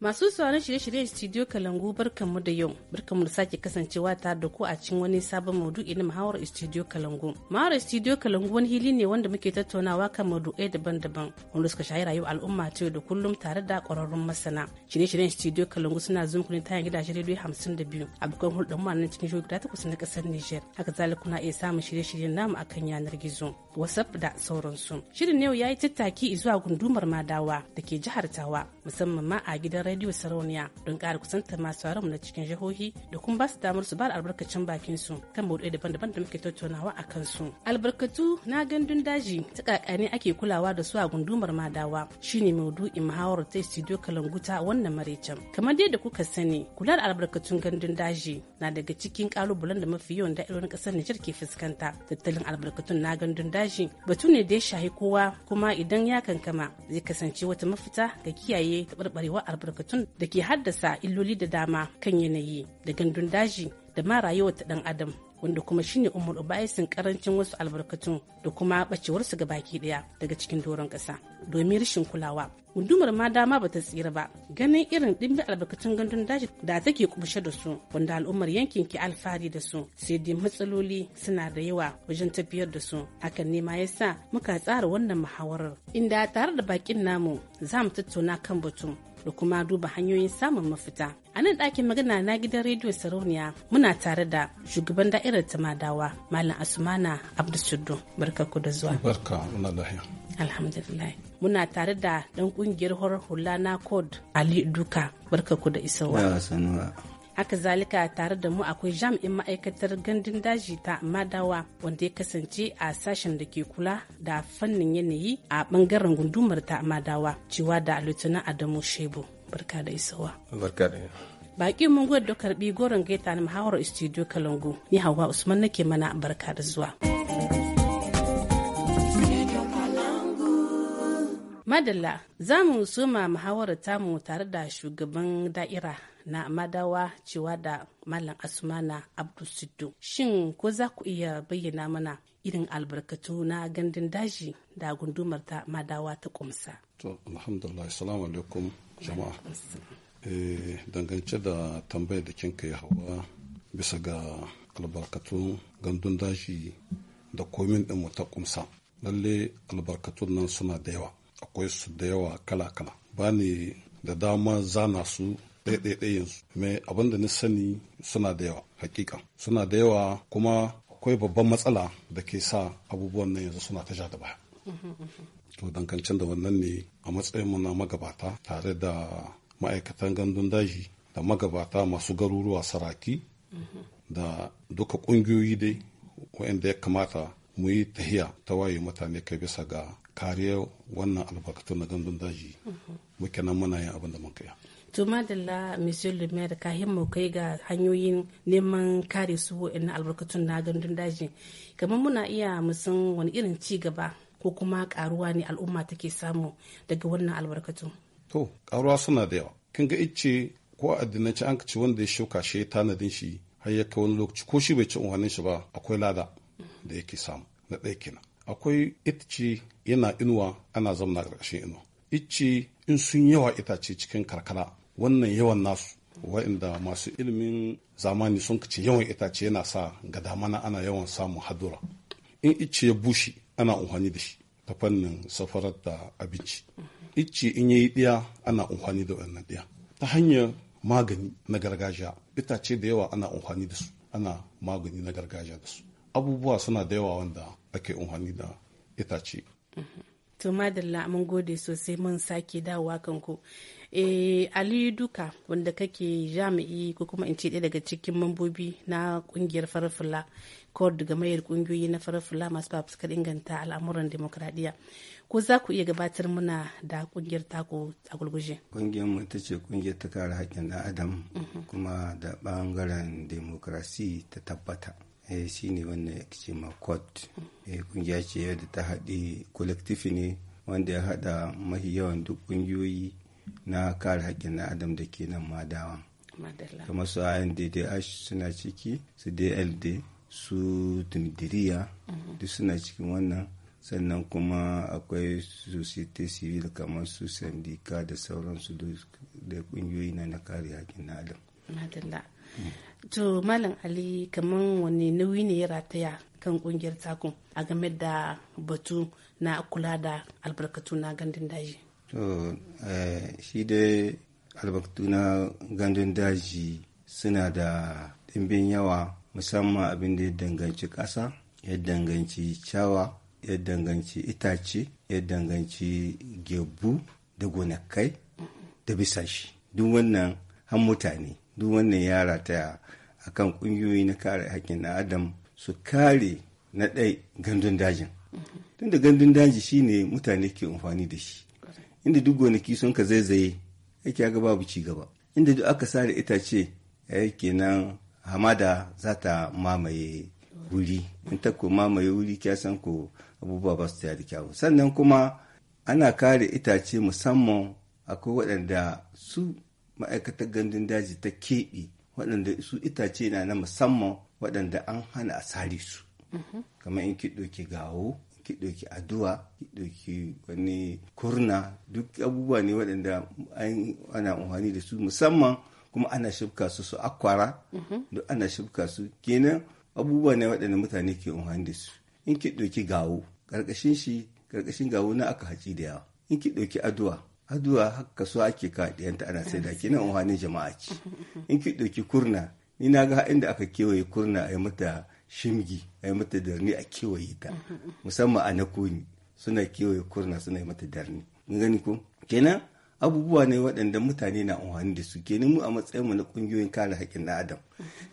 Masu sauran shirye-shiryen Studio Kalangu barkanmu da yau, barkanmu da sake kasancewa tare da ku a cikin wani sabon maudu'i na mahawar Studio Kalangu. Mahawar Studio Kalangu wani hili ne wanda muke tattaunawa kan maudu'ai daban-daban wanda suka shahi rayuwar al'umma ta yau da kullum tare da ƙwararrun masana. Shirye-shiryen Studio Kalangu suna zuwa ku ne ta gidajen rediyo hamsin da biyu a bukon hulɗar mu nan cikin shugaba takwas na ƙasar Nijar. Haka zalika kuna iya samun shirye-shiryen namu a kan yanar gizo, wasap da sauransu. Shirin yau ya yi tattaki zuwa gundumar Madawa da ke jihar Tawa musamman ma a gidan rediyo sarauniya don ƙara kusantar masu mu na cikin jihohi da kuma ba su damar su ba albarkacin bakin su kan maudu'ai daban-daban da muke tattaunawa a kansu. Albarkatu na gandun daji ta ne ake kulawa da su a gundumar madawa shine maudu'in muhawar ta studio kalanguta wannan maraicen. Kamar dai da kuka sani kula da albarkatun gandun daji na daga cikin kalubalen da mafi yawan da'irorin ƙasar Nijar ke fuskanta. Tattalin albarkatun na gandun daji batu ne da ya shahi kowa kuma idan ya kankama zai kasance wata mafita ga kiyaye taɓarɓarewar albarkatun albarkatun da ke haddasa illoli da dama kan yanayi da gandun daji da ma rayuwar ta dan adam wanda kuma shine umar ubaisin karancin wasu albarkatun da kuma bacewarsu ga baki daya daga cikin doron kasa domin rashin kulawa gundumar ma dama ba ta tsira ba ganin irin dimbin albarkatun gandun daji da take kubushe da su wanda al'ummar yankin ke alfahari da su sai dai matsaloli suna da yawa wajen tafiyar da su hakan ne ma yasa muka tsara wannan muhawarar inda tare da bakin namu za mu tattauna kan batun da kuma duba hanyoyin samun mafita. A nan ɗakin magana na gidan rediyo Sarauniya muna tare da shugaban da'irar Tamadawa Malam Asumana abdusuddu Barka ku da zuwa. Barka, muna lahiya. Alhamdulillah. Muna tare da ɗan ƙungiyar horar hula na Code Ali Duka. Barka ku da isowa. haka zalika tare da mu akwai jami'in ma'aikatar gandun daji ta madawa wanda ya kasance a sashen da ke kula da fannin yanayi a bangaren gundumar ta madawa cewa da lieutenant adamu shebu barka da isowa barka da baki mun gwada karbi goron gaita na mahawar studio kalangu ni hawa usman nake mana barka da zuwa madalla za mu soma muhawar tamu tare da shugaban da'ira na madawa cewa da malam asmana abdul shin ko za ku iya bayyana mana irin albarkatu na gandun daji da gundumar ta madawa ta kumsa to alhamdulillah assalamu alaikum jama'a eh, dangance da tambayar da kinka ya hawa bisa ga albarkatu gandun daji da komin mu ta kumsa lalle albarkatu nan suna da yawa akwai su da yawa kala-kala ba ne da dama zana su ɗaiɗaiɗayensu yanzu. Me abinda na sani suna da yawa hakika suna da yawa kuma akwai babban matsala da ke sa abubuwan nan yanzu suna ta ja da baya to dankancin da wannan ne a matsayin na magabata tare da ma'aikatan gandun daji da magabata masu garuruwa saraki da duka ƙungiyoyi dai wa'anda ya kamata mu yi tahiya ta waye mutane kai bisa ga kariyar wannan albarkatun na gandun daji muke nan muna yin abin da mun kaya to madalla monsieur le maire ka mu kai ga hanyoyin neman kare su na albarkatun na gandun daji kamar muna iya musan wani irin ci gaba ko kuma karuwa ne al'umma take samu daga wannan albarkatun to karuwa suna da yawa kin ga icce ko ci an ci wanda ya shuka shi tanadin shi har ya kai wani lokaci ko shi bai ci umarnin shi ba akwai lada da yake samu na ɗaya kenan akwai itci yana inuwa ana zamna ƙarƙashin inuwa ice in sun yawa itace cikin karkara wannan yawan nasu wa'inda masu ilimin zamani sun kace yawan itace yana sa ga damana ana yawan samun hadura in icce ya bushe ana amfani da shi ta fannin safarar da abinci icce in yayi ɗiya ana amfani da wannan ɗiya ta hanyar magani na gargajiya itace da yawa ana amfani da su ana magani na gargajiya da su abubuwa suna da yawa wanda ake amfani da itace to madalla mun gode sosai mun sake dawowa kanku eh ali duka wanda kake jami'i ko kuma in ce ɗaya daga cikin mambobi na ƙungiyar farar fula daga mayar kungiyoyi na farar masu fafuskar inganta al'amuran demokradiyya ko za ku iya gabatar muna da kungiyar taku a gulguje kungiyar mu ita ce kungiyar ta kare haƙƙin ɗan adam mhm. kuma da bangaren demokrasi ta tabbata eh, shi ne wannan ya ce ma court kungiya mhm. eh, ce yadda ta haɗe kolektif ne wanda ya haɗa mahi yawan duk kungiyoyi na kare haƙƙin na adam da ke nan madawa kamar su INDDH suna ciki su DLD su tundiriya mhm. duk suna cikin wannan sannan kuma akwai societe civil kamar su sandika da sauransu da kungiyoyi na na kare haƙƙin na adam mm. to malam ali kamar wani nauyi ne ya rataya kan kungiyar takun a game da batu na kula da albarkatu na gandun daji To, eh, shi dai albarkatu na gandun daji suna da ɗimbin yawa musamman abin da ya danganci ƙasa, ya danganci cawa, ya danganci itace, ya danganci gebu da gonakai da bisashi. Duk wannan han mutane, duk wannan yara ta kan ƙungiyoyi na kare haƙƙin adam su kare na ɗai gandun dajin. Tunda gandun daji shine mutane ke amfani da shi. inda duk gonaki sun ka zaizaye yake ga babu ci gaba inda duk aka sare itace eh, kenan hamada za ta mamaye wuri in ta ko mamaye wuri kya san ko abubuwa ba su ta da kyawu sannan kuma ana kare itace musamman akwai waɗanda su ma'aikatar gandun daji ta keɓe waɗanda su itace na na musamman waɗanda an hana a sare su mm-hmm. kamar in ki ɗauki gawo ki ɗauki addu'a ki ɗauki wani kurna duk abubuwa ne waɗanda ana amfani da su musamman kuma ana shibka su su akwara duk ana shibka su kenan abubuwa ne waɗanda mutane ke amfani da su in ki ɗauki gawo ƙarƙashin shi ƙarƙashin gawo na aka haci da yawa in ki ɗauki addu'a addu'a haka so ake ka ɗiyanta ana sai da kenan amfanin jama'a ce in ki ɗauki kurna ni na ga inda aka kewaye kurna a yi mata shimgi a yi mata darni a kewaye ta musamman a nakoni suna kewaye kurna suna yi mata darni gani ko kenan abubuwa ne waɗanda mutane na amfani da su kenan mu a matsayinmu na ƙungiyoyin kare haƙƙin ɗan adam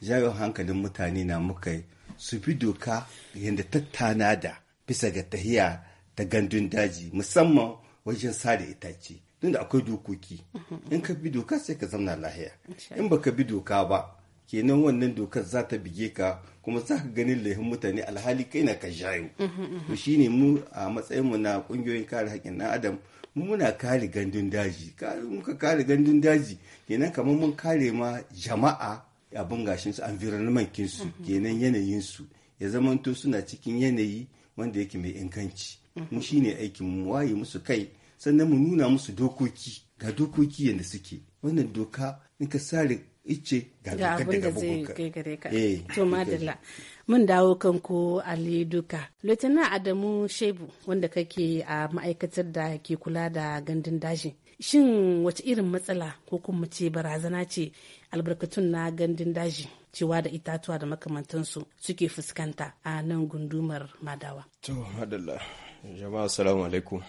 jawo hankalin mutane na muka su bi doka yadda tattana da bisa ga tahiya ta gandun daji musamman wajen sada itace tunda akwai dokoki in ka bi doka sai ka zauna lahiya in baka bi doka ba kenan wannan dokar za ta bige ka kuma za ka ganin laifin mutane alhali kai na ka jayo to shine mu a matsayin mu na kungiyoyin kare haƙƙin ɗan adam mu muna kare gandun daji muka kare gandun daji kenan kamar mun kare ma jama'a abin gashin su environment su kenan yanayin su ya zamanto suna cikin yanayi wanda yake mai inganci mu shine aikin mu waye musu kai sannan mu nuna musu dokoki ga dokoki yadda suke wannan doka in ka sare ice ga abin da zai ka eh, to madalla mun dawo kanku ali duka lieutenant adamu shebu wanda kake a ma'aikatar da ke kula da gandun daji shin wace irin matsala ko kuma ce barazana ce albarkatun na gandun daji cewa da itatuwa da makamantansu suke fuskanta a nan gundumar madawa to madalla jama'a assalamu alaikum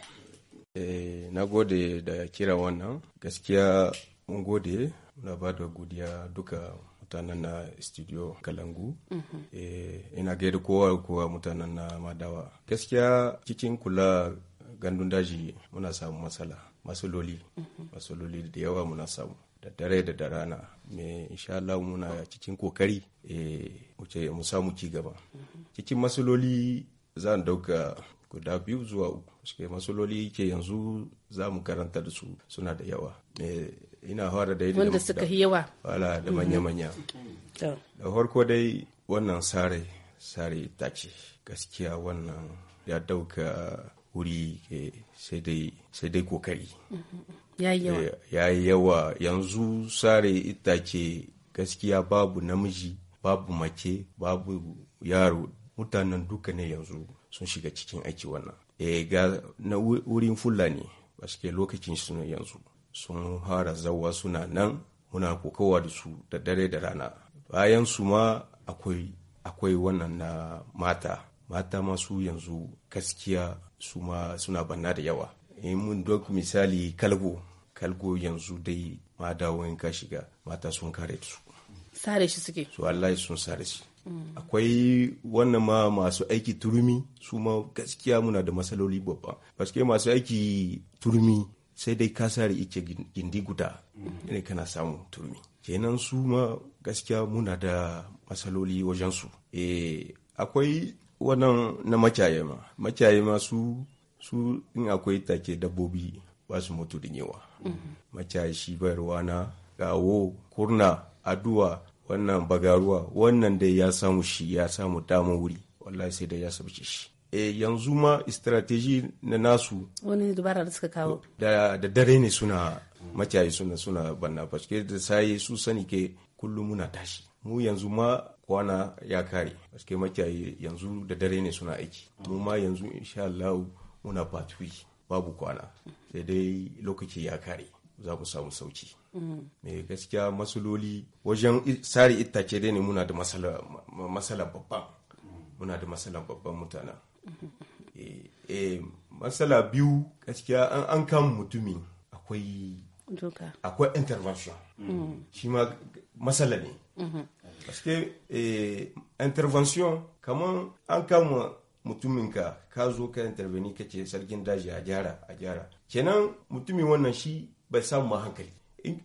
eh, na gode da kira wannan gaskiya mun gode muna ba da godiya duka mutanen na studio kalangu mhm. eh, ina gaida kowa kowa mutanen na madawa gaskiya cikin kula gandun daji muna samu matsala masu loli mhm. da yawa muna samu da dare da da rana me insha Allah muna cikin kokari wuce eh, mu samu ci gaba mhm. cikin masaloli za dauka guda biyu zuwa uku suke masaloli ke yanzu za mu karanta da su suna da yawa ina fara da wanda suka yi yawa wala da mhm. manya-manya da farko dai wannan sare sare ta ce gaskiya wannan ya dauka wuri eh, sai dai kokari mhm. eh, ya yi yawa yanzu sare itace gaskiya babu namiji babu mace babu yaro mutanen duka ne yanzu sun shiga cikin aiki wannan e ga na wurin fulani baske lokacin suna yanzu sun fara zawa suna nan muna kokawa da su da dare da rana bayan su ma akwai akwai wannan na mata mata masu yanzu gaskiya su ma suna banna da yawa in eh, mun dok misali kalgo kalgo yanzu dai ma in ka shiga mata sun kare su sare shi suke su wallahi sun sare shi akwai wannan ma masu aiki turmi su ma gaskiya muna da matsaloli babba baske masu aiki turmi sai dai ka sare ike gindi guda ne kana samun turmi kenan su ma gaskiya muna da matsaloli wajen su eh akwai wannan na makyaye ma makyaye ma su su in akwai take dabbobi ba su mutu da yawa makyaye shi bayarwa na gawo kurna aduwa wannan bagaruwa wannan dai ya samu shi ya samu damar wuri wallahi sai dai ya sabce shi Eh, yanzu ma strategy na nasu wani dubara da suka kawo da dare ne suna maciyayi suna suna banna paske da saye su sani ke kullum muna tashi mu yanzu ma kwana ya kare paske maciyayi yanzu da dare ne suna aiki mu ma yanzu insha Allah muna patwi babu kwana sai dai lokaci ya kare za mu samu sauki mm. me gaskiya masaloli wajen sari itace dai ne muna da masala babba muna da masala babban mutanen e matsala biyu gaskiya an an kama mutumi akwai akwai intervention mm. shi ma matsala ne parce mm-hmm. que eh, intervention kamar an kama mutumin ka ka zo ka interveni ka ce sarkin daji a gyara a gyara kenan mutumin wannan shi bai samu ma hankali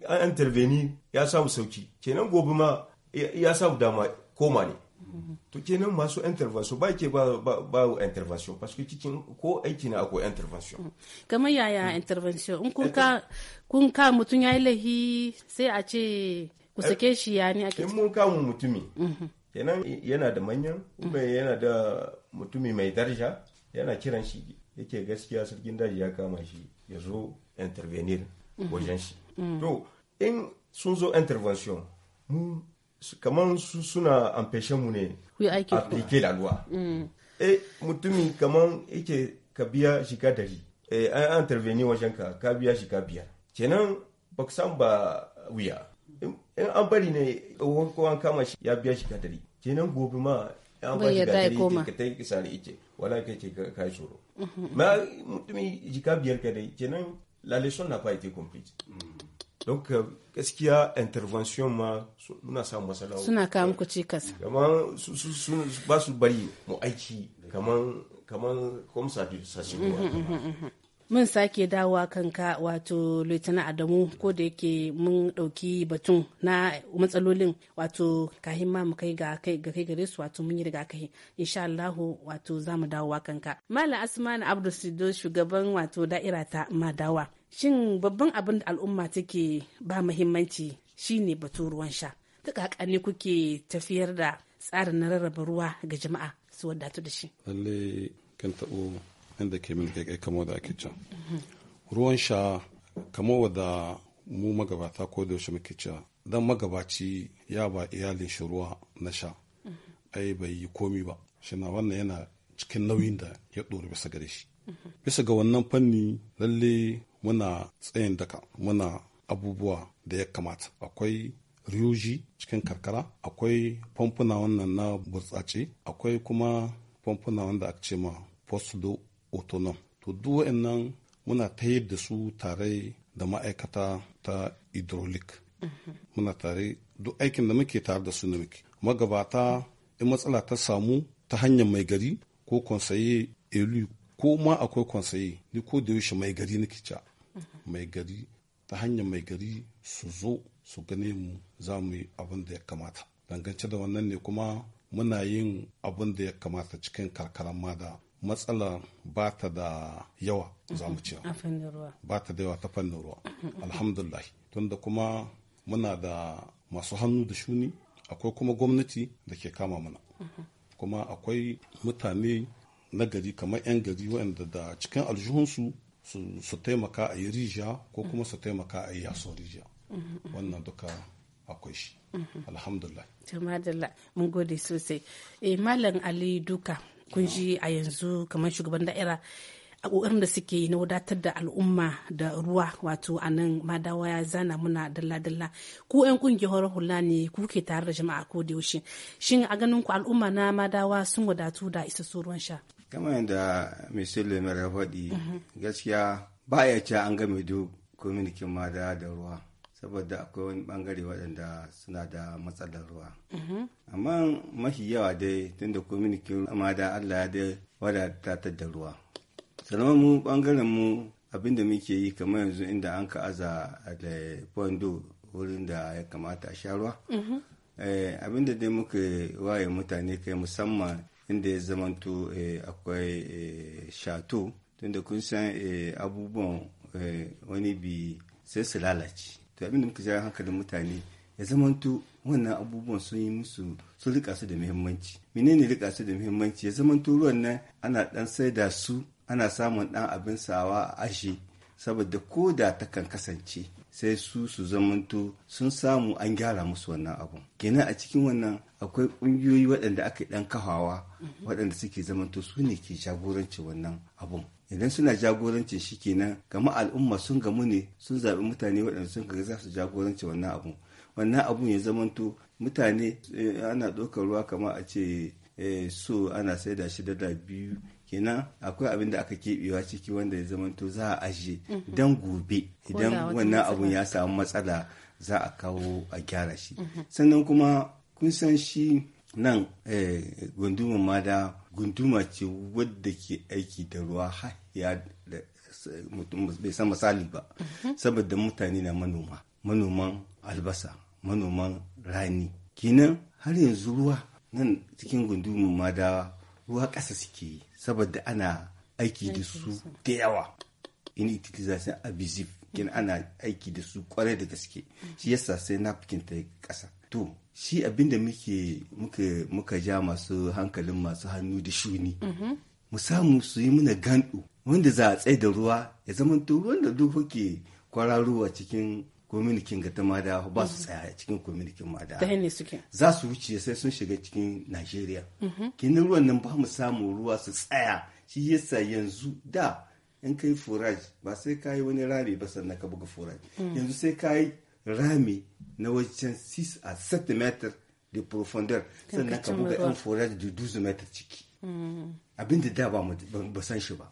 an interveni ya samu sauki kenan gobe ma ya samu dama koma ne to kenan masu intervention ba ke ba ba intervention parce que cikin ko aiki na akwai intervention kamar yaya intervention in kun ka kun ka mutum yayi lahi sai a ce ku eh, sake shi ya ne ake in mun kawo mutumi mhm. kenan yana da manyan kuma mhm. yana da mutumi mai daraja yana kiran shi yake gaskiya sarkin daji ya kama shi ya zo intervenir mhm. wajen shi to in sun zo intervention mu kamar suna amfashe mu ne aplike la loi eh mutumi kamar yake ka biya shiga dari eh an interveni wajen ka ka biya shiga biyar kenan ba ku san ba wuya in an bari ne ko an kama shi ya biya shiga dari kenan gobe ma an ba shiga dari ka ta yi kisa ne ice wala ka ce ka yi tsoro mm-hmm. ma mutumi jika biyar ka dai kenan la leçon n'a pas été complète mm. donc gaskiya euh, intervention ma muna sa matsala suna kawo muku cikas kamar ba su bari mu aiki kamar kaman komsa da mhm, mhm, mhm, mun sake kan kanka wato lieutenant adamu ko da yake mun dauki batun na matsalolin wato kahin ma mu kai ga kai ga kai gare su wato mun yi riga kai insha Allah wato za mu kan kanka malam asmana abdul sido shugaban wato da'ira ta madawa shin babban abin da al'umma take ba muhimmanci shine batun ruwan sha ta ne kuke tafiyar da tsarin na rarraba ruwa ga jama'a su wadatu da shi lalle kan taɓo inda ke min kai kamo da ake can ruwan sha kamo wadda mu magabata ko da yaushe muke cewa dan magabaci ya ba iyalin shi ruwa na sha ai bai yi komi ba shi na wannan yana cikin nauyin da ya ɗori bisa gare shi bisa ga wannan fanni lalle muna tsayin daka muna abubuwa da ya kamata akwai ryuji cikin karkara akwai famfuna wannan na burtsace akwai kuma famfuna wanda aka ce ma postulo autonom to duk nan muna ta da su tare da ma'aikata ta hydraulic mm-hmm. muna tare duk aikin da muke tare da su ne muke magabata in matsala ta samu ta hanyar mai gari ko konsaye elu ko ma akwai konsaye ni ko da yaushe mai gari nake ca mai gari ta hanyar mai gari su zo su gane mu za mu yi abin da ya kamata dangance da wannan ne kuma muna yin abin da ya kamata cikin karkaran ma da matsala ba ta da yawa za mu ce ba ta da yawa ta fannin ruwa alhamdulillah tunda kuma muna da masu hannu da shuni akwai kuma gwamnati da ke kama mana kuma akwai mutane na gari kamar 'yan gari waɗanda da cikin aljihunsu su taimaka a yi rija ko kuma su taimaka a yi yaso rija wannan duka akwai shi alhamdulillah jamadala mun gode sosai eh, malam ali duka kun ji a yanzu kamar shugaban da'ira a ƙoƙarin da suke na wadatar da al'umma da ruwa wato a nan madawa ya zana muna dalla-dalla ku 'yan kungiyar hula ne ku ke tare da jama'a ko da yaushe shin a ganin ku al'umma na madawa sun wadatu da isassu ruwan sha kamar yadda mai sulemar ya faɗi gaskiya ba ya ce an ga duk kominikin mada da ruwa saboda akwai wani bangare waɗanda suna da matsalar ruwa amma mafi yawa dai tunda kominikin mada allah ya dai wadatatar da ruwa sannan mu bangaren mu abinda muke yi kamar yanzu inda an ka aza da fondo wurin da ya kamata a sha ruwa eh, abinda dai muka waye mutane kai musamman inda ya zamanto eh, akwai eh, shato tunda kun san eh, abubuwan wani bi sai su lalace to abinda muka ja hankalin mutane ya zamanto wannan abubuwan sun yi musu sun rika su da muhimmanci menene rika su da muhimmanci ya zamanto ruwan nan ana dan da su ana samun dan abin sawa a ashe saboda ko da ta kan kasance sai su su zamanto sun samu an gyara musu wannan abun gina a cikin wannan akwai ƙungiyoyi waɗanda aka ɗan kafawa waɗanda suke zamanto su ne ke jagorancin wannan abun idan suna jagorancin shi kenan gama al'umma sun gamu ne sun zaɓi mutane waɗanda sun ga za su jagoranci wannan abun wannan abun ya zamanto mutane eh, ana ɗaukar ruwa kamar a ce eh, so ana saida shi da biyu kenan akwai abin da aka keɓewa ciki wanda ya zamanto za a ajiye mhm. don gobe idan wannan abun ya samu matsala za a kawo a gyara shi mhm. sannan kuma kun san shi nan eh, gunduman ma da gunduma ce wadda ke aiki da ruwa ya bai san misali ba mhm. saboda mutane na manoma manoman albasa manoman rani kenan har yanzu ruwa nan cikin gunduman ma da ruwa ƙasa suke yi saboda ana aiki da su da yawa in utilization abusive kin ana aiki da su kwarai da gaske shi yasa sai fikin ta kasa to shi abinda muke muka muka ja masu hankalin masu hannu da shuni mhm. mu samu su yi muna gandu wanda za a tsaye da ruwa ya zama to ruwan da duk kuke kwararowa cikin kominikin ga ta mada ba su mhm. tsaya a cikin kominikin mada ta suke za su wuce sai sun shiga cikin Najeriya mhm. kinin ruwan nan ba mu samu ruwa su tsaya shi yasa yanzu da in kai forage ba sai ka yi wani rami ba sannan ka buga forage mhm. yanzu sai ka yi rami na wajen 6 a 7 meter da profondeur sannan ka buga in forage da 12 meter ciki abinda da ba mu san shi ba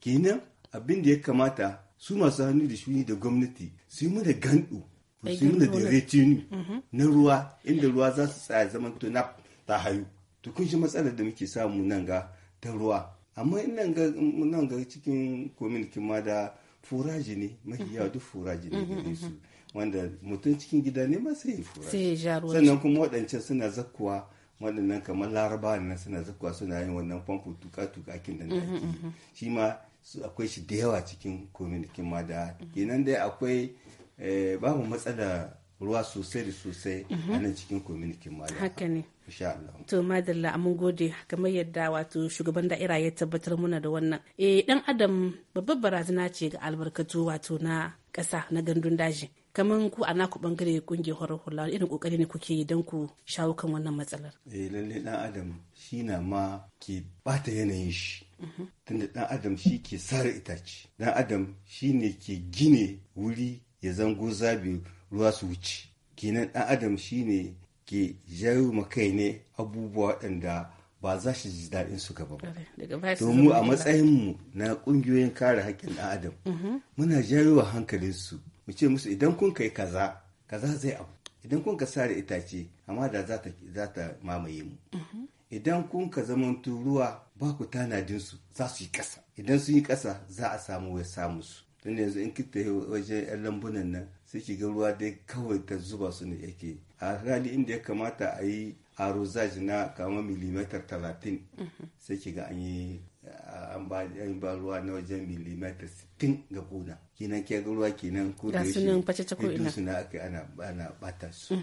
kenan abinda ya kamata su masu hannu da shuni da gwamnati su yi mana gandu su yi mana da retinu mm-hmm. na ruwa inda ruwa za su tsaya zaman to na ta hayu to kun shi matsalar da muke samu nan ga ta ruwa amma in nan ga cikin kominikin ma da furaji ne mahiya mm-hmm. duk furaji ne mm-hmm, gare su wanda mutum cikin gida ne ma sai ya furaji sannan kuma waɗancan suna zakkuwa waɗannan kamar laraba na suna zakkuwa suna yin wannan famfo tuka-tuka kin da ake shi ma su akwai shi da yawa cikin kominikin ma da kenan dai akwai eh, babu matsala ruwa sosai da sosai a nan cikin kominikin ma haka ne to madalla mun gode kamar yadda wato shugaban da'ira ya tabbatar muna da wannan eh dan adam babbar barazana ce ga albarkatu wato na ƙasa na gandun daji kamar ku a naku bangare kungiyar horar hula irin kokari ne kuke yi don ku shawo kan wannan matsalar eh lalle dan adam shi na ma ke bata yanayin shi tunda dan adam shi ke sare itace dan adam shi ne ke gine wuri ya zango zabi ruwa su wuce kenan dan adam shi ne ke jawo makai ne abubuwa waɗanda ba za shi ji daɗin su gaba ba. To mu a mu na ƙungiyoyin kare haƙƙin ɗan adam mhm. muna jayo wa hankalinsu mu ce musu idan kun kai kaza kaza zai abu idan kun ka sare itace amma da za ta mamaye mu mhm. idan kun ka zaman ruwa ba ku tanadinsu za su yi ƙasa idan sun yi ƙasa za a samu ya samu su Tun yanzu in yi wajen 'yan lambunan nan sai ki ga ruwa dai kawai ta zuba su ne yake a hali inda ya kamata a yi a rozaji na kama milimetar talatin sai ki ga an yi an ba ruwa na wajen milimetar sittin ga kuna kenan ke ga ruwa kenan ko da shi da suna aka ana bata su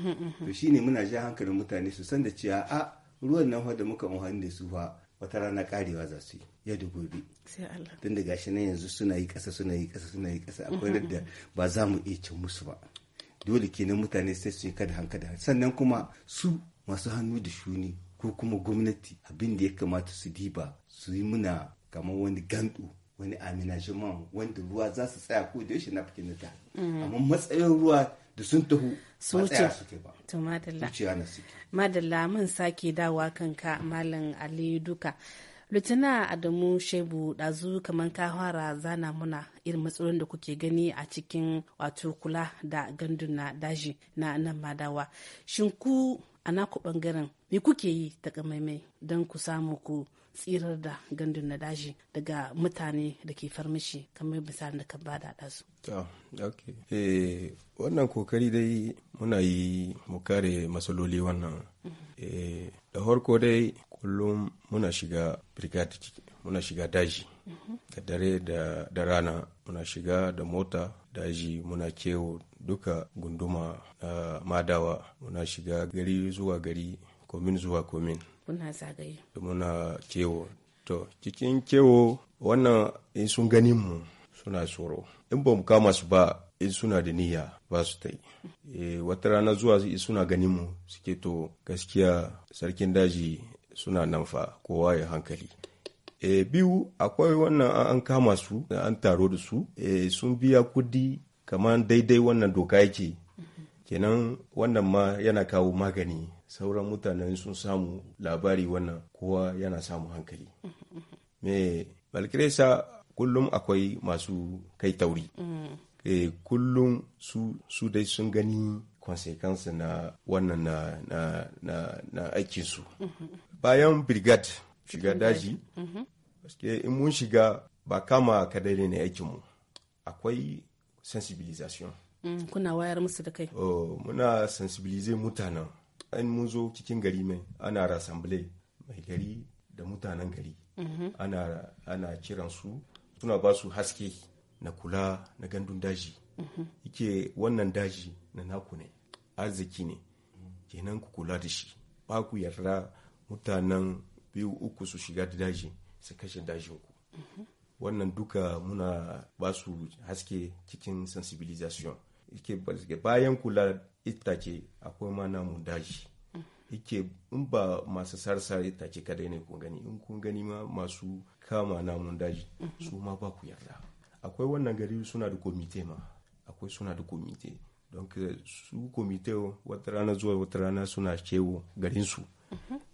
to shine muna ja hankalin mutane su san da cewa a ruwan nan da muka amfani da su fa wata rana karewa za su yi ya gobe tun da gashi nan yanzu suna yi ƙasa suna yi ƙasa suna yi ƙasa akwai yadda ba za mu iya cin musu ba dole kenan mutane sai su yi kada hankada sannan kuma su masu hannu da shuni ko kuma gwamnati abin da ya kamata su diba su yi muna kamar wani gandu wani aminajiman wanda ruwa za su tsaya ko da yaushe na fikin ta mm. amma matsayin ruwa da sun tahu ba suke ba to madalla na suke madalla mun sake dawa kanka malam ali duka litina adamu shebu ɗazu kamar ka fara zana muna irin matsalolin da kuke gani a cikin wato kula da gandun na daji na nan madawa shin ku a naku bangaren me kuke yi takamaimai don ku samu ku tsirar da gandun na daji daga mutane da ke farmashi kamar misali da ka bada da su. Eh, wannan kokari dai muna yi mu kare matsaloli wannan. Mhm. Eh, da harko dai kullum muna shiga brigade muna shiga daji mhm. da dare da rana muna shiga da mota daji muna kewo duka gunduma na ah, madawa muna shiga gari zuwa gari komin zuwa komin kuna zagaye muna kewo to cikin kewo wannan in sun gani mu suna tsoro in ba mu kama su ba in suna da niyya ba su ta yi eh, wata rana zuwa suna ganin mu suke to gaskiya sarkin daji suna nan fa kowa ya hankali e, biyu akwai wannan an kama su an taro da su e, sun biya kudi kamar daidai wannan doka yake mhm. kenan wannan ma yana kawo magani sauran mutanen sun samu labari wannan kowa yana samun hankali me balkiresa kullum akwai masu kai tauri eh, kullum su su dai sun gani consequence na wannan na, aikinsu bayan brigade shiga daji mhm. paske in mun shiga ba kama kadai ne aikinmu akwai sensibilisation mm, kuna wayar musu da kai oh, muna sensibilize mutanen an mun zo cikin gari mai ana rasamble mai gari da mutanen gari mhm. ana kiran su suna ba su haske na kula na gandun daji mhm. yake wannan daji na naku ne arziki ne kenan ku kula da shi ba ku yarda mutanen biyu uku su shiga da daji su kashe uku. Mhm. wannan duka muna ba su haske cikin sensibilisation bayan kula itace akwai ma namu daji ike in ba masu sarsar ce kadai ne kun gani in kun gani ma masu kama namun daji su ma ba ku yarda akwai wannan gari suna da komite ma akwai suna da komite don su komite wata rana zuwa wata rana suna cewo garinsu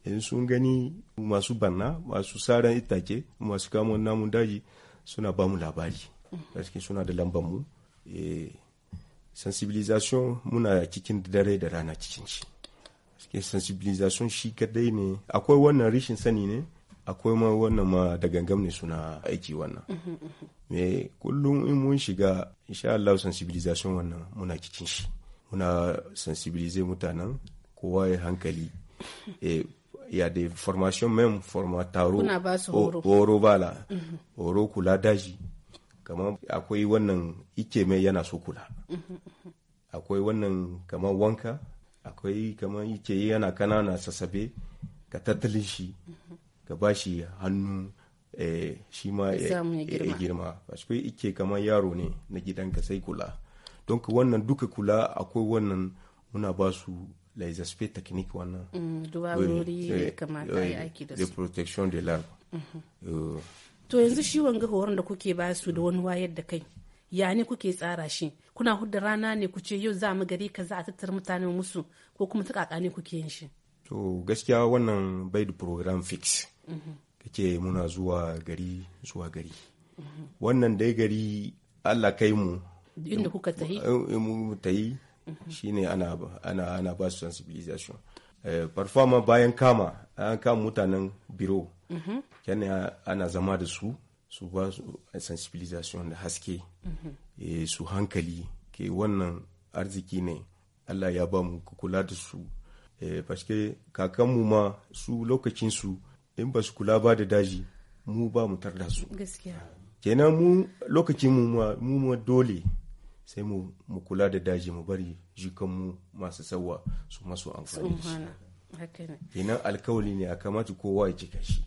in sun gani masu banna masu saran itace masu kama namun daji suna ba mu labari gaske suna da lambar mu eh, sensibilisation muna cikin dare da rana cikin shi sensibilisation shi kadai ne akwai wannan rishin sani ne akwai ma wannan ma da gangam ne suna aiki wannan me kullum in mun shiga insha Allah sensibilisation wannan muna cikin shi muna sensibilize mutanen kowa ya hankali eh, ya da formation mem forma taro horo bala mhm. horo kula daji kamar akwai wannan ike mai yana so kula akwai wannan kamar wanka akwai kamar ike yana kanana sassabe ka tattalin shi ka ba shi hannu eh, shi ma ya girma akwai ike kamar yaro ne na gidanka sai kula don wannan duka kula akwai wannan muna ba su les aspects techniques wannan kamar mm, eh, da ya eh, aiki da su protection de to yanzu shi wanga horon da kuke ba su da wani wayar da kai ya ne kuke tsara shi kuna hudda rana ne ku ce yau za mu gari ka kaza a tattara mutane musu ko kuma ta ne kuke yin shi to gaskiya wannan bai da program fix kake muna zuwa gari zuwa gari wannan dai gari allah kai mu inda kuka tahi eh, mu tahi shine ana ana ana ba su sensibilisation eh, performa bayan kama an kama mutanen biro Mm-hmm. yana ana zama da su su ba su sensibilization da haske mm-hmm. eh, su hankali ke wannan arziki ne allah ya ba mu kula da su eh, paske kakanmu ma su lokacinsu in ba su kula ba da daji mu ba mu tarda su kenan mu lokacin mu ma mu ma dole sai mu kula da daji mu bari jikanmu masu tsawa su masu amfani da shi ina alkawali ne a kamata kowa ya cika shi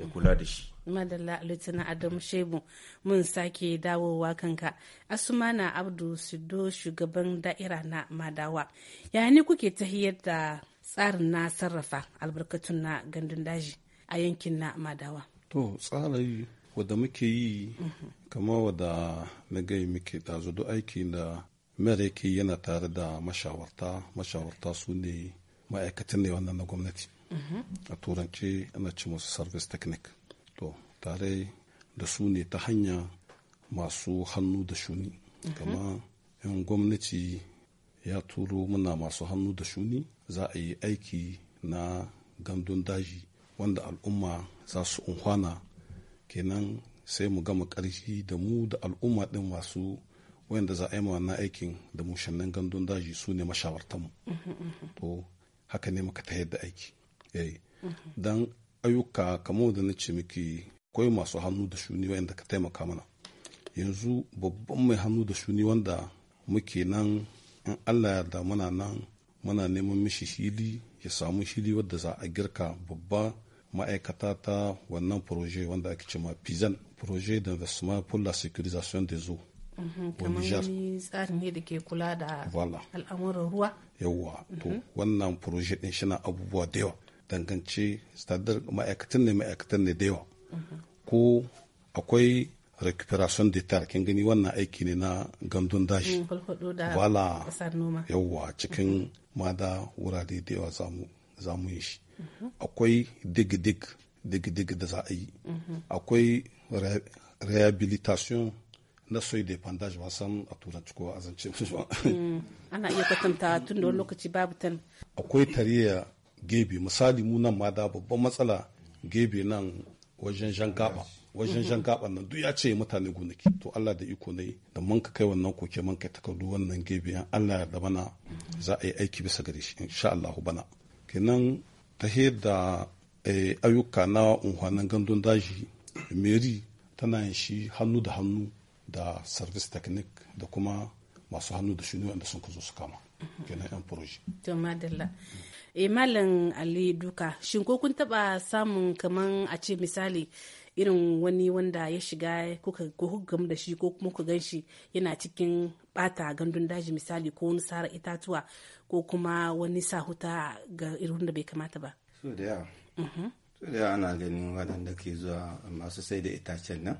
ya kula da shi madalla litina adamu shebu mun sake dawowa kanka asumana abdu sido shugaban da'ira na madawa yaya ne kuke tahiyar da tsarin na sarrafa albarkatun na gandun daji a yankin na madawa to tsari wadda muke yi kama wadda na gai muke ɗazu aiki da mera yake yana tare da mashawarta mashawarta su ne ma'aikatan ne wannan na gwamnati a turanci ana ce musu service technique to tare da su ne ta hanya masu hannu da shuni kama yan gwamnati ya turo muna masu hannu da shuni za a yi aiki na gandun daji wanda al'umma za su unhwana kenan sai mu gama ƙarfi da mu da al'umma ɗin masu wayanda za a yi wannan aikin da mu gandun daji su ne mashawartanmu to haka ne muka tayar da aiki don ayyuka kamar da na ce miki akwai masu hannu da shuni wanda ka taimaka mana yanzu babban mai hannu da shuni wanda muke nan in allah da muna nan muna neman mishi shili ya samu shili wadda za a girka babba ma'aikata ta wannan proje wanda ake cewa pizan proje d'investissement pour la sécurisation des eaux Mhm, kamar wani tsari ne da ke kula da al'amuran ruwa yawwa to mhm. wannan proje din shi abubuwa da yawa dangance standard ma'aikatan ne ma'aikatan ne da yawa mhm. ko akwai recuperation de terre kin gani wannan aiki ne na gandun dashi wala mm, yawwa cikin ma da wurare da yawa za mu yi shi akwai dig dig dig dig da za a yi akwai rehabilitation na soy de pandage ba san a turanci ko a zance ba hmm, ana iya kwatanta tun da wani lokaci babu tan akwai tariya gebe misali mu nan ma da babban matsala gebe nan wajen jan gaba wajen jan mhm. gaba nan duk ya ce mutane gonaki to Allah da iko ne da man ka kai wannan koke man ka takardu wannan gebe an Allah ya da bana za a yi aiki bisa gare shi insha Allah bana kenan ta da eh, ayyuka na unhwanan gandun daji meri tana yin shi hannu da hannu da service technique da kuma masu hannu da shuni wanda sun kuzo su kama kenan yan proje to madalla e malam ali duka shin ko kun taba samun kaman a ce misali irin wani wanda ya shiga kuka gamu da shi ko kuma ku gan shi yana cikin bata gandun daji misali ko wani sara itatuwa ko kuma wani sahuta ga irin da bai kamata ba so da yawa ana ganin waɗanda ke zuwa masu sai da itacen nan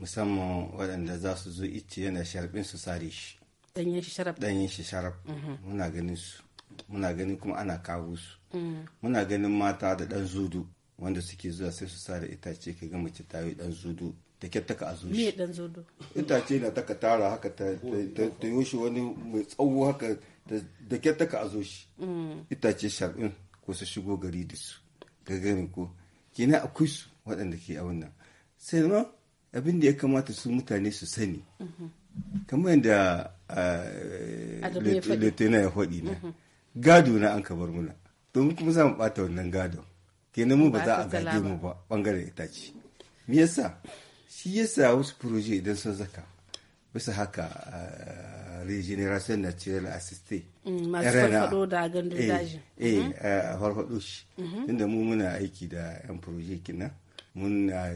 musamman waɗanda za su zo ice yana sharbin su sare shi ɗanyen shi sharaf ɗanyen shi sharaf mhm. muna ganin su muna ganin kuma ana kawo su mm. muna ganin mata da ɗan zudu wanda suke zuwa sai su sare itace ka ga mace ta yi dan zudu da ke taka a zuci me dan zudu itace na taka tara haka ta ta shi wani mai tsawo haka da ke taka a zuci mm. itace sharbin ko su shigo gari da su da gani ko kina akwai su waɗanda ke a wannan sai ma abin da ya kamata su mutane su sani kamar yadda eh, latina ya faɗi na mhm. gado na an kabar muna domin kuma za mu ɓata wannan gadon kenan mu ba za a gaje mu ba ɓangaren itace me yasa shi yasa wasu proje idan sun zaka bisa haka eh, regeneration natural assiste mm, masu farfado da gandun eh, daji eh mhm. farfado shi Inda mhm. mu muna aiki da yan proje kinan mon na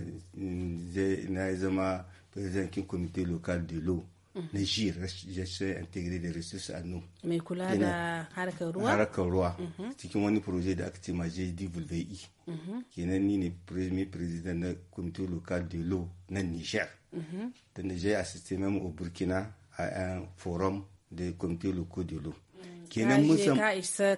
président du comité local de l'eau. Mm. Niger jir gestion intégrée des ressources à nous mais kula da harkar ruwa harkar ruwa mm-hmm. cikin wani proje da qui est ma e. mm-hmm. kenan ni ne premier président du comité local de l'eau na Niger j'ai mm-hmm. assisté même au Burkina à un forum des comités locaux de l'eau kenan mun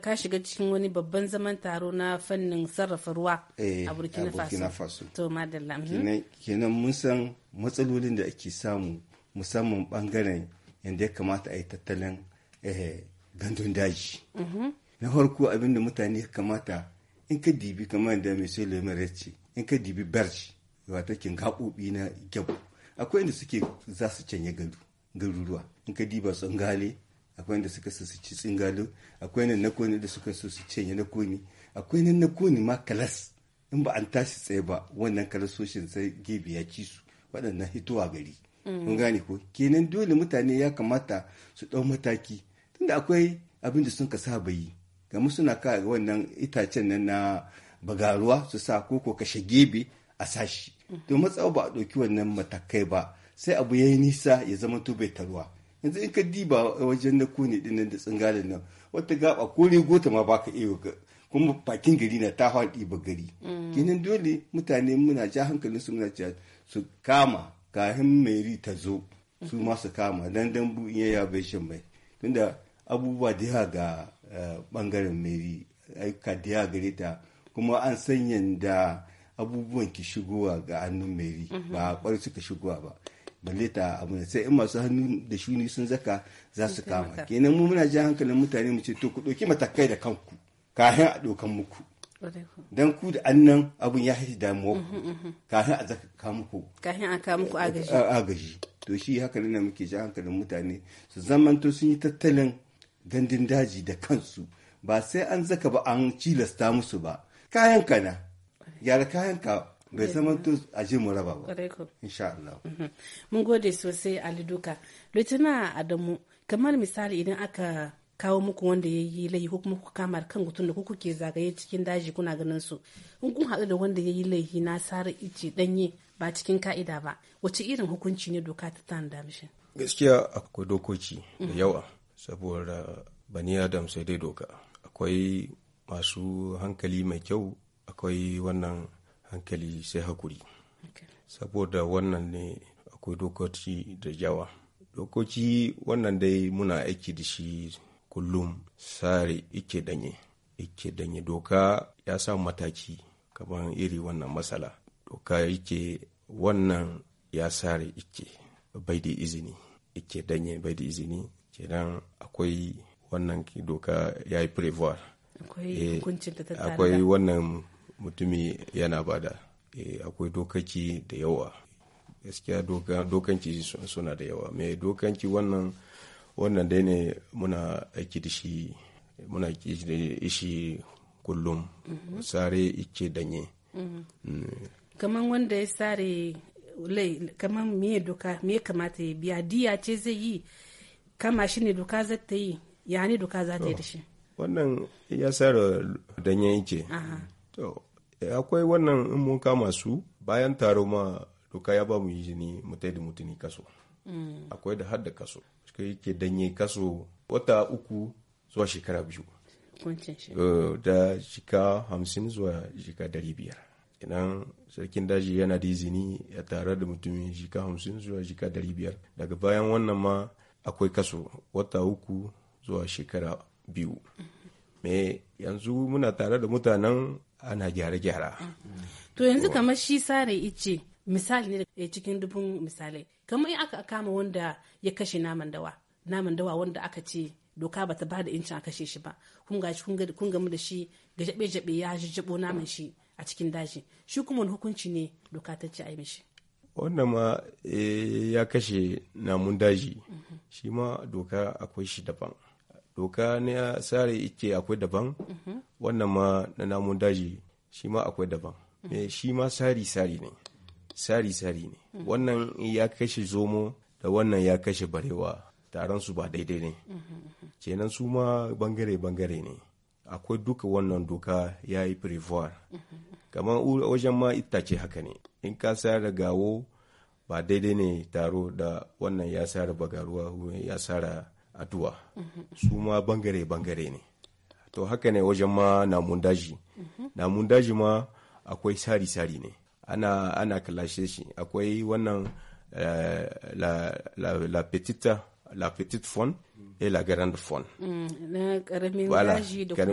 ka shiga cikin wani babban zaman taro na fannin sarrafa ruwa eh, a Burkina Faso to madalla mhm. kenan mun san matsalolin da ake samu musamman bangaren yadda ya kamata a yi tattalin eh, gandun daji mhm. na farko abinda mutane ya kamata in ka dibi kamar da mai sai ya ce in ka dibi barci wata kin gaɓoɓi na gyabu akwai inda suke za su canye garuruwa in ka diba tsangale akwai da suka so su ci tsingalo akwai nan na kone da suka so su cinye na kone akwai nan na kone ma kalas in ba an tashi tsaye ba wannan kalasoshin sai gebe ya ci su waɗannan hitowa gari mm. kun gane ko kenan dole mutane ya kamata su ɗau mataki tunda akwai abin da sun ka saba yi kamar suna ka ga wannan itacen nan na bagaruwa su sa koko kashe gebe a sashi mm. to matsawa ba a ɗauki wannan matakai ba sai abu ya yi nisa ya zama to taruwa yanzu in ka diba wajen na kone din da tsingalin nan wata gaba ko rigota ma baka iya kuma bakin gari na ta haɗi ba gari mm. kenan dole mutane muna ja hankalin su muna cewa su kama kahin mairi ta zo su ma su kama dan dan bu in ya bai shin mai tunda abubuwa da ya ga bangaren eh, mairi aika da ya gare ta kuma an sanya da abubuwan ki shigowa ga hannun mairi mm-hmm. ba kwarai suka shigowa ba balle ta abu ne sai in masu hannu da shuni sun zaka za su kama kenan mu muna jan hankalin mutane mu ce to ku ɗauki matakai da kanku kafin a dokan muku dan ku da annan abun ya haifi damuwa mm-hmm, mm-hmm. kafin a zaka kama ku kafin a kama ku agaji agaji to shi haka ne muke jan hankalin mutane su zaman to sun yi tattalin gandun daji da kansu ba sai an zaka ba an cilasta musu ba kayan kana gyara kayan ka bai zama a ji mu raba ba insha Allah mhm. mun gode sosai Ali Duka Lutuna Adamu kamar misali idan aka kawo muku wanda ya yi laifi ko kuma ku kama kan mutum da ku kuke zagaye cikin daji kuna ganin su in kun haɗu da wanda ya yi laifi na sara ice ɗanye ba cikin ka'ida ba wace irin hukunci ne doka ta tanda mishi gaskiya akwai dokoki da mhm. yawa saboda bani adam sai dai doka akwai masu hankali mai kyau akwai wannan hankali sai hakuri saboda wannan ne akwai dokoki da jawa dokoki wannan dai muna aiki da shi kullum sare ike danye ike danye doka ya sa mataki kamar iri wannan matsala doka ike wannan ya sare ike bai da izini ike danye bai da izini kenan akwai wannan doka ya yi prevoir akwai eh, wannan mutumi yana bada eh, akwai dokaki da yawa gaskiya dokanci suna da yawa mai dokanci wannan wannan dai ne muna aiki da shi muna aiki da shi kullum mhm. sare ike danye mhm. mm. kaman wanda ya sare kaman me doka me kamata ya biya diya ce zai yi kama shi ne doka za ta yi ya ne doka za ta yi da shi wannan ya sare danye yake akwai wannan in mun kama su bayan taro ma doka ya ba mu yi mu tai da mutuni kaso mm. akwai da hada kaso shi yake danye kaso wata uku zuwa shekara biyu da shika hamsin zuwa shika dari biyar idan sarkin daji yana da izini ya tare da mutumin shika hamsin zuwa shika dari biyar daga bayan wannan ma akwai kaso wata uku zuwa shekara biyu mm-hmm. me yanzu muna tare da mutanen ana gyare-gyara. To yanzu kamar shi sare ice misali ne da cikin dubun misalai. Kamar in aka kama wanda ya kashe naman dawa, naman dawa wanda aka ce doka bata ba da incin a kashe shi ba. Kun gashi kun gamu da shi ga jabe-jabe ya jajjabo naman shi a cikin daji. Shi kuma wani hukunci ne doka ta ce a yi mishi. Wannan ma eh, ya kashe namun daji, mhm. shi ma doka akwai shi daban. doka na sare ike akwai daban mhm. wannan ma na namun daji shi ma akwai daban mhm. eh, shi ma sari-sari ne sari-sari ne mhm. wannan ya kashe zomo da wannan ya kashe barewa taron su ba daidai ne kenan su ma bangare-bangare ne akwai duka wannan doka ya yi prevoir kamar wajen ma itace haka ne in ka sayar gawo ba daidai ne taro da wannan ya sara bagaruwa ya sara addu'a su ma bangare-bangare ne to haka ne wajen ma namun daji namun daji ma akwai sari-sari ne ana ana kalashe shi akwai wannan eh, la, petita la petite faune et la grande faune mm, na karamin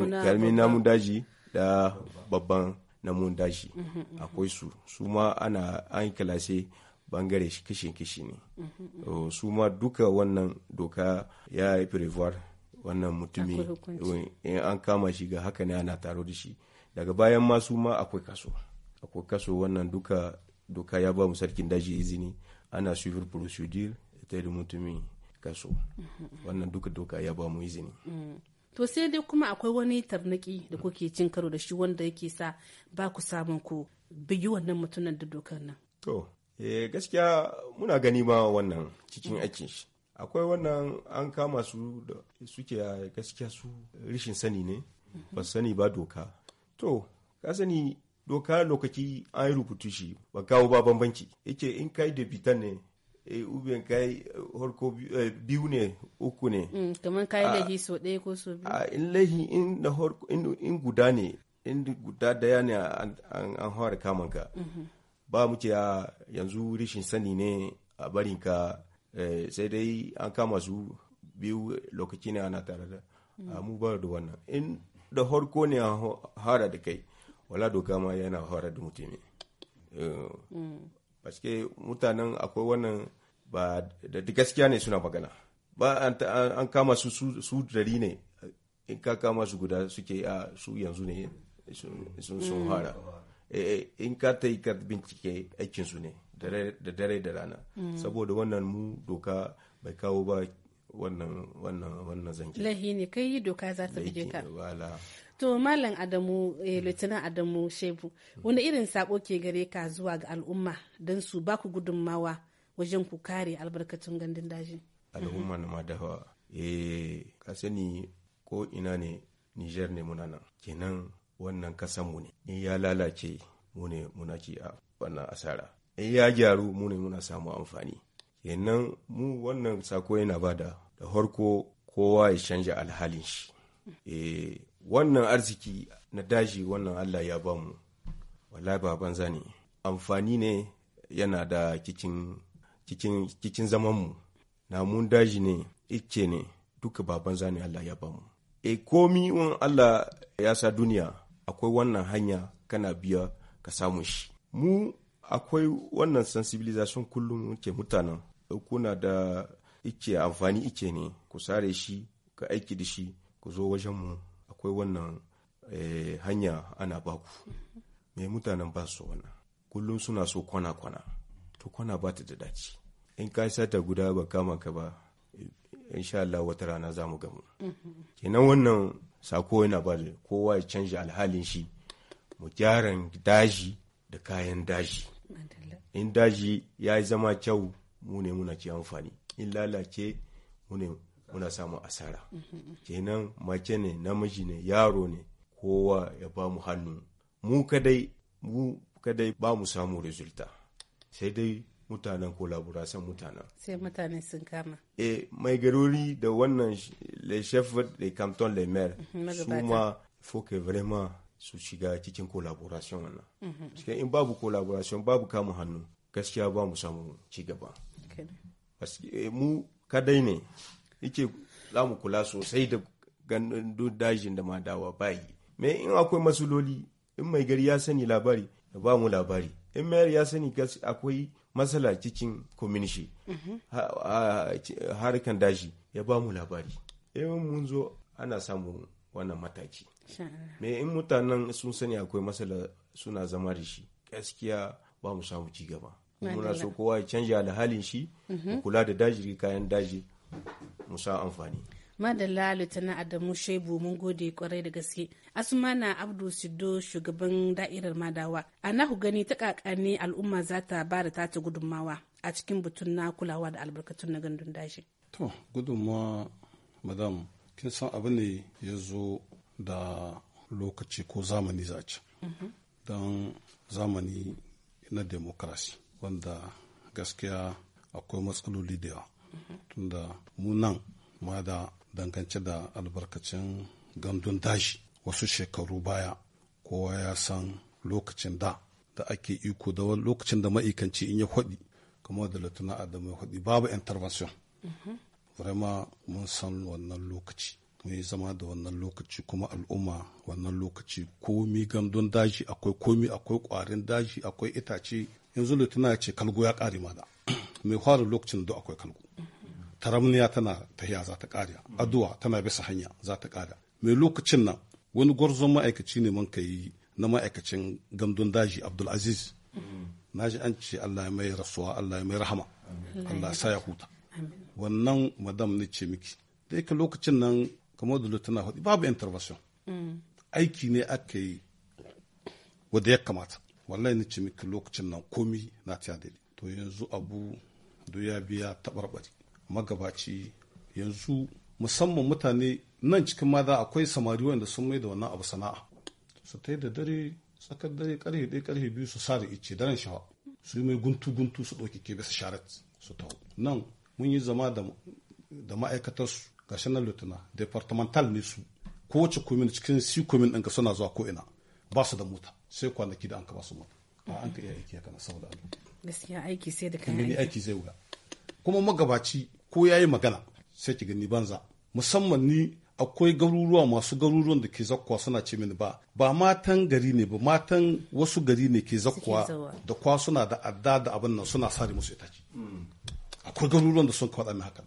da namun daji da babban namun daji mm-hmm, mm-hmm. akwai su su ma ana an kalashe bangare kishi-kishi ne mhm. oh, su ma duka wannan doka ya yi prevoir wannan mutumi in an kama shi ga haka ne ana taro da shi daga bayan ma su ma akwai kaso akwai kaso wannan duka doka ya ba mu sarkin daji izini ana suivre procedure ta da mutumi kaso mhm. wannan duka doka ya ba mu izini mm. to sai dai kuma akwai wani tarnaki da kuke cin karo da shi wanda yake sa ba ku samun ku bigi wannan mutunan da dokar nan to eh gaskiya muna gani ma wannan cikin aikin shi akwai wannan an kama su da suke gaskiya su rishin sani ne mhm. ba sani ba doka to ka sani doka lokaci an yi rubutu shi ba kawo ba bambanci yake in kai da bitan ne e eh, ubiyan kai horko eh, eh, biyu ne uku ne mm, kamar kai lahi so ɗaya ko so biyu in lahi in guda ne in guda daya ne an hawar kamanka mhm. ba mu ya yanzu rishin sani ne a ka eh, sai dai an kama su biyu lokaci ne ana tare da mu ba da wannan in da harko ne a hara da kai wala doka ma yana hara da mutum ne eh, mm. paske mutanen akwai wannan ba da gaskiya ne suna magana ba an kama su su dari ne in ka kama su guda suke a su yanzu ne sun mm. hara Eh, eh, in ka ta yi ka bincike aikinsu ne da dare da rana mm. saboda wannan mu doka bai kawo ba wannan wannan wannan zanki lahi ne kai doka za ta bige ka to malam adamu eh, lieutenant adamu shebu mm. wani irin sako ke gare ka zuwa ga al'umma don su ba ku gudunmawa wajen ku kare albarkatun gandun daji al'umma na madawa eh ka sani ko ina ne niger ne muna nan kenan wannan kasan mu ne in ya lalace mu ne muna ci a wannan asara in ya gyaru mu ne muna samu amfani kenan mu wannan sako yana bada da horko kowa ya canja alhalin shi eh, wannan arziki na daji wannan allah ya bamu wallahi ba banza ne amfani ne yana da cikin zaman mu. na mun daji ne ikke ne duka ba banza allah ya bamu e eh, komi wani allah ya sa duniya akwai wannan hanya kana biya ka samu shi mu akwai wannan sensibilization kullum ke mutanen ɗaukuna da ike amfani ike ne ku sare shi ka aiki da shi ku zo wajen mu akwai wannan eh, hanya ana baku mai mutanen ba su wannan kullum suna so kwana-kwana to kwana ba ta da dace in ka sata guda ba kama ka ba insha Allah wata rana za mu gamu mm-hmm. kenan wannan sako yana ba da kowa ya canja alhalin shi mu gyara daji da kayan daji in daji ya zama kyau mu ne muna ci amfani in lalace mu ne muna samun asara kenan mace ne namiji ne yaro ne kowa ya ba mu hannu mu kadai mu kadai ba mu samu resulta sai dai mutanen kolaborasyon mutanen sai mutane sun kama e eh, mai garori da wannan le chef de canton le maire mhm, su ma foke vrema vraiment su shiga cikin kolaborasyon wannan mhm. cikin in babu collaboration babu kama hannu gaskiya ba mu samu ci gaba eh, mu kadai ne yake za mu kula sosai da gandun dajin da madawa bayi me in akwai masuloli in mai gari ya sani labari ba mu labari in mayar ya sani akwai masala cikin kominishi harkan daji ya ba mu labari yawan eh, mun zo ana samun wannan mataki me in mutanen sun sani akwai masala suna zama da shi gaskiya ba mu samu ci muna so kowa ya canja alhalin shi mhm. kula da daji kayan daji musa amfani madalla litinin adamu shebu mun gode kwarai da gaske asumana abdu sido shugaban da'irar madawa a nahu gani ta kakani al'umma za ta ba da tata gudunmawa a cikin butun na kulawa da albarkatun na gandun daji to gudunmawa madam kin san abu ne ya zo da lokaci ko zamani zaci mhm. don zamani na demokrasi wanda gaskiya akwai matsaloli da yawa mhm. tunda mu nan ma da dangance da albarkacin gandun daji wasu shekaru baya kowa ya san lokacin da da ake iko da lokacin da ma'ikanci in ya hwaɗi kamar da latuna adamu ya hwaɗi babu intervention mhm. vraiment mun san wannan lokaci mun zama da wannan lokaci kuma al'umma wannan lokaci komi gandun daji akwai komi akwai ƙwarin daji akwai itace yanzu latuna ya ce kalgo ya ƙare ma da mai fara lokacin da akwai kalgo mhm. taramniya tana tahiya za ta ƙare addu'a tana bisa hanya za ta ƙare mai lokacin nan wani gwarzon ma'aikaci ne man yi na ma'aikacin gandun daji Abdul aziz na ji an ce allah mai rasuwa allah mai rahama allah sa ya huta wannan madam ne ce miki da yake lokacin nan kamar da lutuna hudu babu intervention aiki ne aka yi wadda ya kamata wallahi ni ce miki lokacin nan komi na ta daidai to yanzu abu duya biya taɓarɓari magabaci yanzu musamman mutane nan cikin ma za akwai samari wanda sun mai da wannan abu sana'a su ta da dare tsakar dare karfe ɗaya karfe biyu su sa da ice daren shawa su yi mai guntu guntu su ɗauki ke bisa sharat su taho nan mun yi zama da ma'aikatar su ga shanar lutuna departamental ne su kowace komin cikin si komin ɗinka suna zuwa ko ina ba su da mota sai kwanaki da an ka ba su mota ba an ka iya aiki haka na saboda gaskiya aiki sai da kayan aiki aiki zai wuya kuma magabaci ko ya yi magana sai ki gani banza musamman ni akwai garuruwa masu garuruwan da ke zakkuwa suna ce mini ba ba matan gari ne ba matan wasu gari ne ke zakkuwa da kwa suna da adda da abin nan suna sare musu itace akwai garuruwan da sun kwaɗa min haka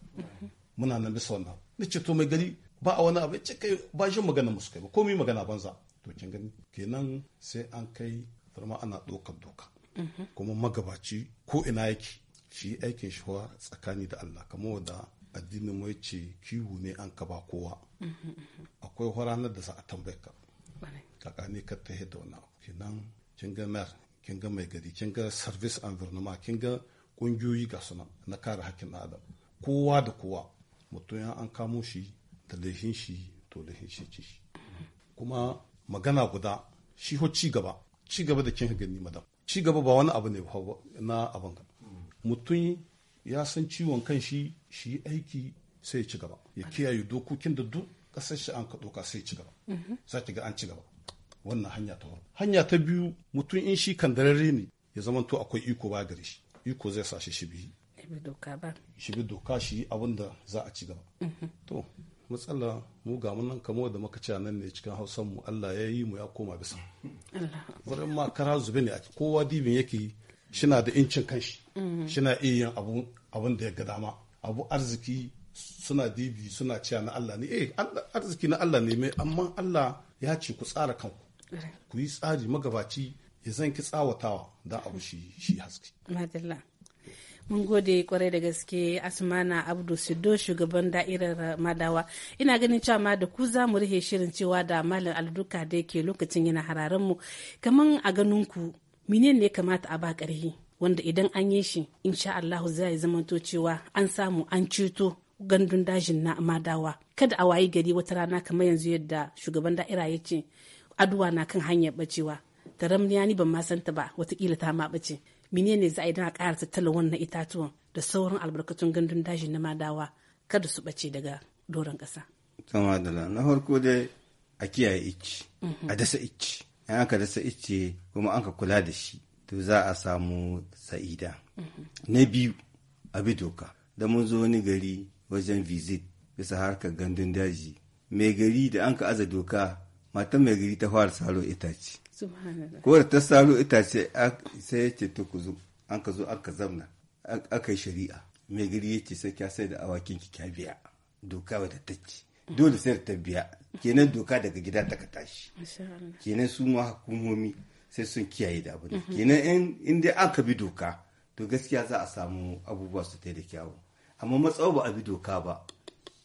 muna nan bisa wannan ni ce to mai gari ba a wani abin ce ba shi magana musu kai ba komai magana banza to kin gani kenan sai an kai farma ana ɗaukar doka mhm. kuma magabaci ko ina yake shi aikin shi tsakani da Allah kamar da addinin mai ce kiwo ne an ka ba kowa akwai horanar da za a tambaye ka tsakani ka ta da wannan kinan kin ga mayar kin ga mai gari kin ga service environment kin ga kungiyoyi ga suna na kare hakkin adam kowa da kowa mutum ya an kamo shi da laifin shi to laifin shi ci kuma magana guda shi ho ci gaba ci gaba da kin gani madam ci gaba ba wani abu ne na abin mutum ya san ciwon kan shi shi aiki sai ya ci gaba ya kiyaye dokokin da duk ƙasar shi an ka doka sai cigaba ci gaba za ki ga an ci gaba wannan hanya ta hanya ta biyu mutum in shi kan dare ne ya zamanto akwai iko ba gare shi iko zai sa shi shi biyu bi doka ba shi bi doka shi abin da za a ci gaba mhm. to matsala mu ga nan kamo da muka ci nan ne cikin hausan mu Allah ya yi mu ya koma bisa wurin ma kara zube ne a kowa dibin yake na da incin kanshi Mm-hmm. shina iya yin abun da ya ga dama abu arziki suna dibi suna cewa na Allah ne eh arziki na Allah ne mai amma Allah ya ce ku tsara kanku ku yi tsari magabaci ya zan ki tsawatawa da abu shi shi haske madalla mun gode kwarai da gaske asmana abdu sido shugaban da'irar madawa ina ganin cewa ma da ku za mu rihe shirin cewa da malam alduka da yake lokacin yana hararin mu kaman a ganin ku menene ne kamata a ba karhi wanda idan an yi shi insha Allahu zai zamanto cewa an samu an ceto gandun dajin na madawa kada a wayi gari wata rana kamar yanzu yadda shugaban da'ira ya ce aduwa na kan hanyar bacewa ramniya ni ban ma santa ba watakila ta ma bace menene za a yi don a ƙara tattalin wannan itatuwan da sauran albarkatun gandun dajin na madawa kada su bace daga doron ƙasa. Tama da na farko dai a kiyaye ici, a dasa ici, in aka dasa ici kuma an ka kula da shi to za a samu sa'ida na biyu abi doka da mun zo wani gari wajen visit bisa harkar gandun daji mai gari da an ka aza doka matan mai gari ta fara salo itace ko da ta salo itace sai ya ce ku zo an ka zo aka zamna aka yi shari'a mai gari ya ce sai kya sai da awakin ki kya biya doka wadda ta ce dole sai da ta biya kenan doka daga gida ta ka tashi kenan su ma hukumomi sai sun kiyaye da abu mhm. kenan in dai aka bi doka to gaskiya za a samu abubuwa su ta da kyawu amma matsawa ba a bi doka ba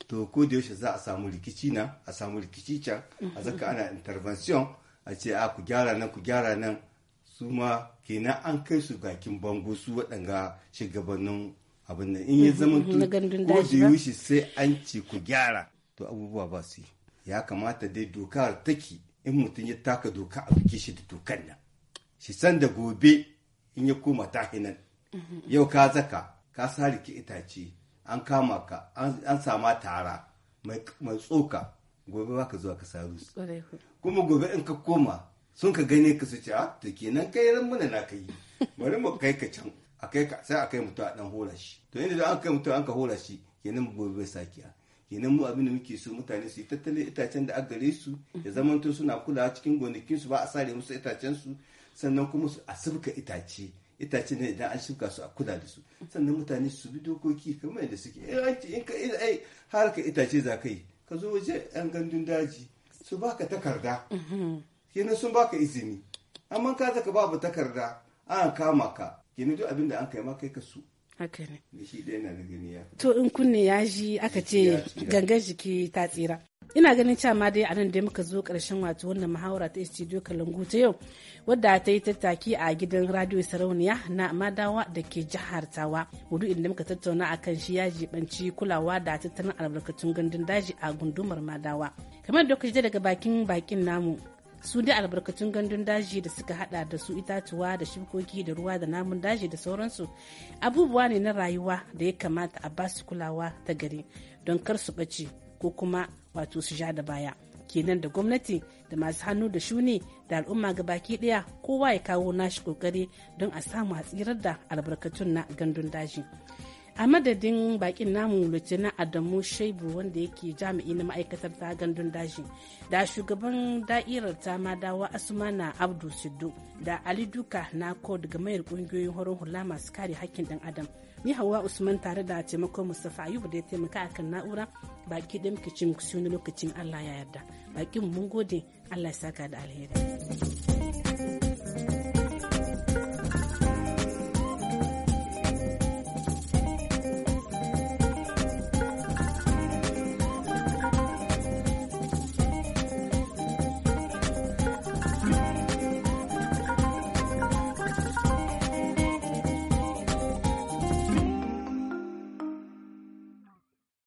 to ko da yaushe za a samu rikici na a samu rikici can a mhm. zaka ana intervention a ce a ku gyara nan ku gyara nan su ma kenan an kai su gakin bango su waɗanga shugabannin abin nan in ya mhm, zama ko da yaushe sai an ce ku gyara to abubuwa ba su yi ya kamata dai dokar take in mutum ya taka doka a bikin shi da dokan nan shi san da gobe in ya koma hinan yau ka zaka ka sariki itace an kama ka an sama tara mai tsoka gobe ba ka zuwa ka saru kuma gobe in ka koma sun ka gane ka su ce a ah, to kenan kai ran muna na kai bari mu kai ka can a kai ka sai a kai mutum a dan hora shi to inda an kai mutum an ka hora shi kenan gobe bai a. kenan mu abin da muke so mutane su yi tattalin itacen da a gare su ya zamanto suna kulawa cikin gonakin su ba a sare musu itacen su sannan kuma su a sibka itace itace ne idan an shuka su a kula da su sannan mutane su bi dokoki kamar da suke eh, in ka ai har ka itace za ka yi ka zo waje yan gandun daji su baka takarda kenan sun baka izini amma ka zaka babu takarda an kama ka kenan duk abin da an kai ma kai ka su haka ne to in kunne ya ji aka ce gangan jiki ta tsira ina ganin cewa ma dai anan nan dai muka zo karshen wato wannan muhawara ta studio kalangu ta yau wadda ta yi tattaki a gidan radio sarauniya na madawa da ke jihar tawa wudu inda muka tattauna kan shi ya jibanci kulawa da tattalin albarkatun gandun daji a gundumar madawa kamar da kuka daga bakin bakin namu su da albarkatun gandun daji da suka hada da su itatuwa da shukoki da ruwa da namun daji da sauransu abubuwa ne na rayuwa da ya kamata a ba su kulawa ta gari don kar su ɓace ko kuma wato su sha da baya kenan da gwamnati da masu hannu da shuni da al'umma ga baki daya kowa ya kawo nashi kokari don a samu a tsirar da albarkatun na gandun daji a madadin bakin namu lieutenant adamu shaibu wanda yake jami'i na ma'aikatar ta gandun daji da shugaban da'irar ta ma madawa asumana abdu siddu da ali duka na ko daga mayar kungiyoyin horon hula masu kare hakkin dan adam ni hawa usman tare da taimakon mustapha ayubu da ya taimaka a kan na'ura baki ɗin kicin na lokacin allah ya yarda bakin mun gode allah ya saka da alheri